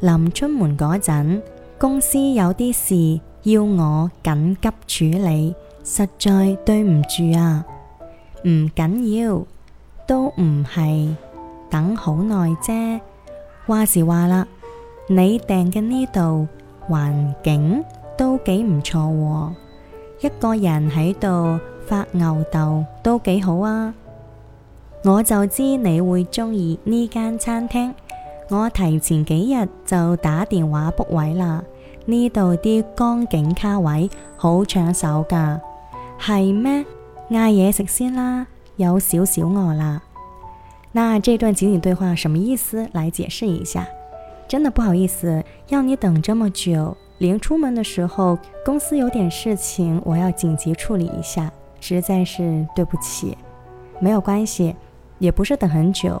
臨出門嗰陣，公司有啲事要我緊急處理，實在對唔住啊！唔緊要，都唔係等好耐啫。話時話喇，你訂嘅呢度環境都幾唔錯喔，一個人喺度發吽哣都幾好啊！我就知你會鍾意呢間餐廳。我提前幾日就打電話卜位啦，呢度啲江景卡位好搶手噶。係咩？嗌嘢食先啦，有少少餓啦。那這段情景對話什麼意思？來解釋一下。真的不好意思，要你等這麼久。臨出門的時候，公司有點事情，我要緊急處理一下，實在是對不起。沒有關係，也不是等很久。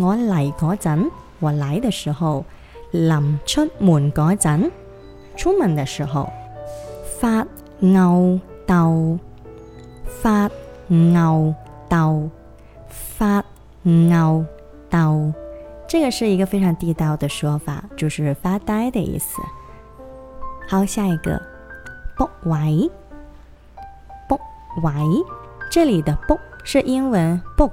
我嚟嗰陣，我嚟嘅時候，臨出門嗰陣，出門嘅時候，發吽哣，發吽哣，發吽哣，這個是一個非常地道嘅說法，就是發呆的意思。好，下一個，book 位，book 位，這裏的 book 是英文 book。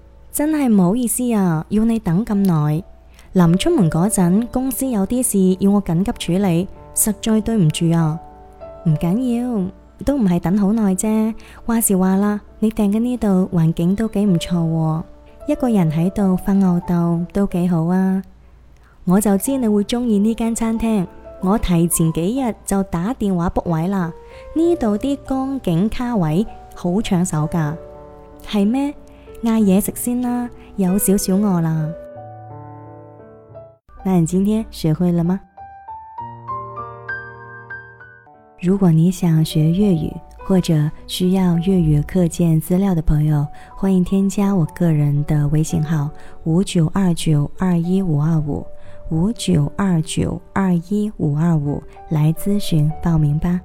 真係唔好意思啊，要你等咁耐。臨出門嗰陣，公司有啲事要我緊急處理，實在對唔住啊。唔緊要，都唔係等好耐啫。話時話啦，你訂嘅呢度，環境都幾唔錯喎，一個人喺度發吽哣都幾好啊。我就知你會鍾意呢間餐廳，我提前幾日就打電話 book 位啦。呢度啲江景卡位好搶手噶，係咩？嗌嘢食先啦，有少少餓啦。那你今天學會了嗎？如果你想學粵語或者需要粵語課件資料的朋友，歡迎添加我個人的微信號，五九二九二一五二五，五九二九二一五二五來諮詢報名吧。